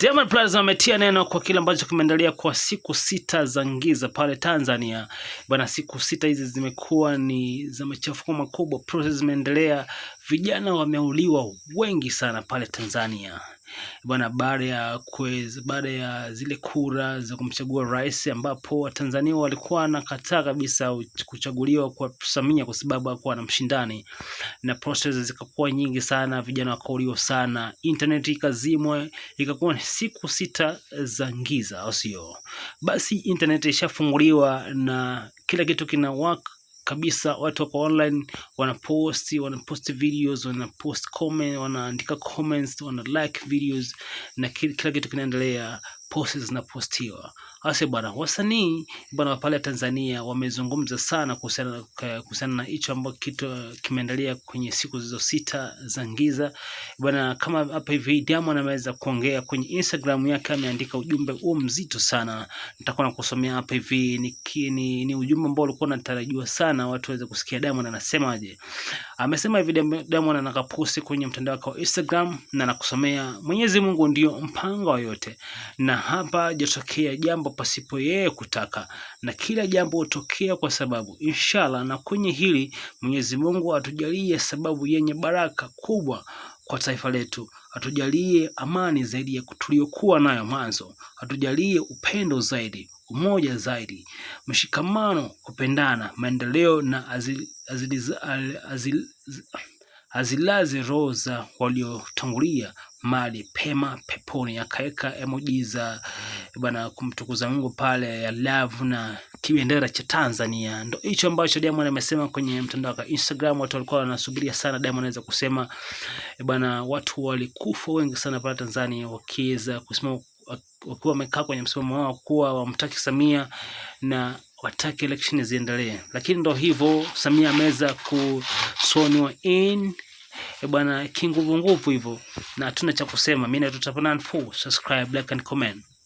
Diamond Platnumz ametia neno kwa kile ambacho kimeendelea kwa siku sita za ngiza pale Tanzania bwana. Siku sita hizi zimekuwa ni za machafuko makubwa, process zimeendelea, vijana wameuliwa wengi sana pale Tanzania bwana, baada ya kwez, baada ya zile kura za kumchagua rais, ambapo Watanzania walikuwa wanakataa kabisa kuchaguliwa kwa Samia kwa sababu hakuwa na mshindani, na process zikakuwa nyingi sana, vijana wakauliwa sana, internet ikazimwe, ikakuwa ni siku sita za ngiza au sio? Basi internet ishafunguliwa na kila kitu kinawaka kabisa watu wako online, wanapost wanaposti videos, wanapost comment, wanaandika comments, wana like videos na kila kitu kinaendelea posti zinapostiwa. Hasa bwana, wasanii bwana pale Tanzania wamezungumza sana kuhusiana na eh, hicho ambacho kitu eh, kimeendelea kwenye siku zizo sita za ngiza bwana. Kama hapa hivi Diamond ameweza kuongea kwenye Instagram yake, ameandika ujumbe huo mzito sana, nitakuwa nakusomea hapa hivi ni, ni, ni ujumbe ambao ulikuwa unatarajiwa sana watu waweze kusikia. Diamond anasemaje? Amesema hivi Diamond anakaposti kwenye mtandao wake wa Instagram na nakusomea, Mwenyezi Mungu ndio mpango wa yote, na hapa jatokea jambo pasipo yeye kutaka, na kila jambo hutokea kwa sababu. Inshallah, na kwenye hili Mwenyezi Mungu atujalie sababu yenye baraka kubwa kwa taifa letu atujalie amani zaidi ya tuliyokuwa nayo mwanzo, atujalie upendo zaidi, umoja zaidi, mshikamano, kupendana, maendeleo na azil, azil, azil, azilaze roho za waliotangulia mali pema peponi. Akaweka emoji za bwana kumtukuza Mungu pale ya love na kibendera cha Tanzania. Ndo hicho ambacho Diamond amesema kwenye mtandao wa Instagram. Watu walikuwa wanasubiria sana Diamond anaweza kusema eh, bwana, watu walikufa wengi sana pale Tanzania wakiweza kusema wakiwa wamekaa kwenye msimamo wao kuwa wamtaki Samia na wataki election ziendelee, lakini ndo hivyo, Samia ameweza kusoniwa in eh, bwana kinguvunguvu hivyo, na hatuna cha kusema. Mimi na tutapana, subscribe, like and comment.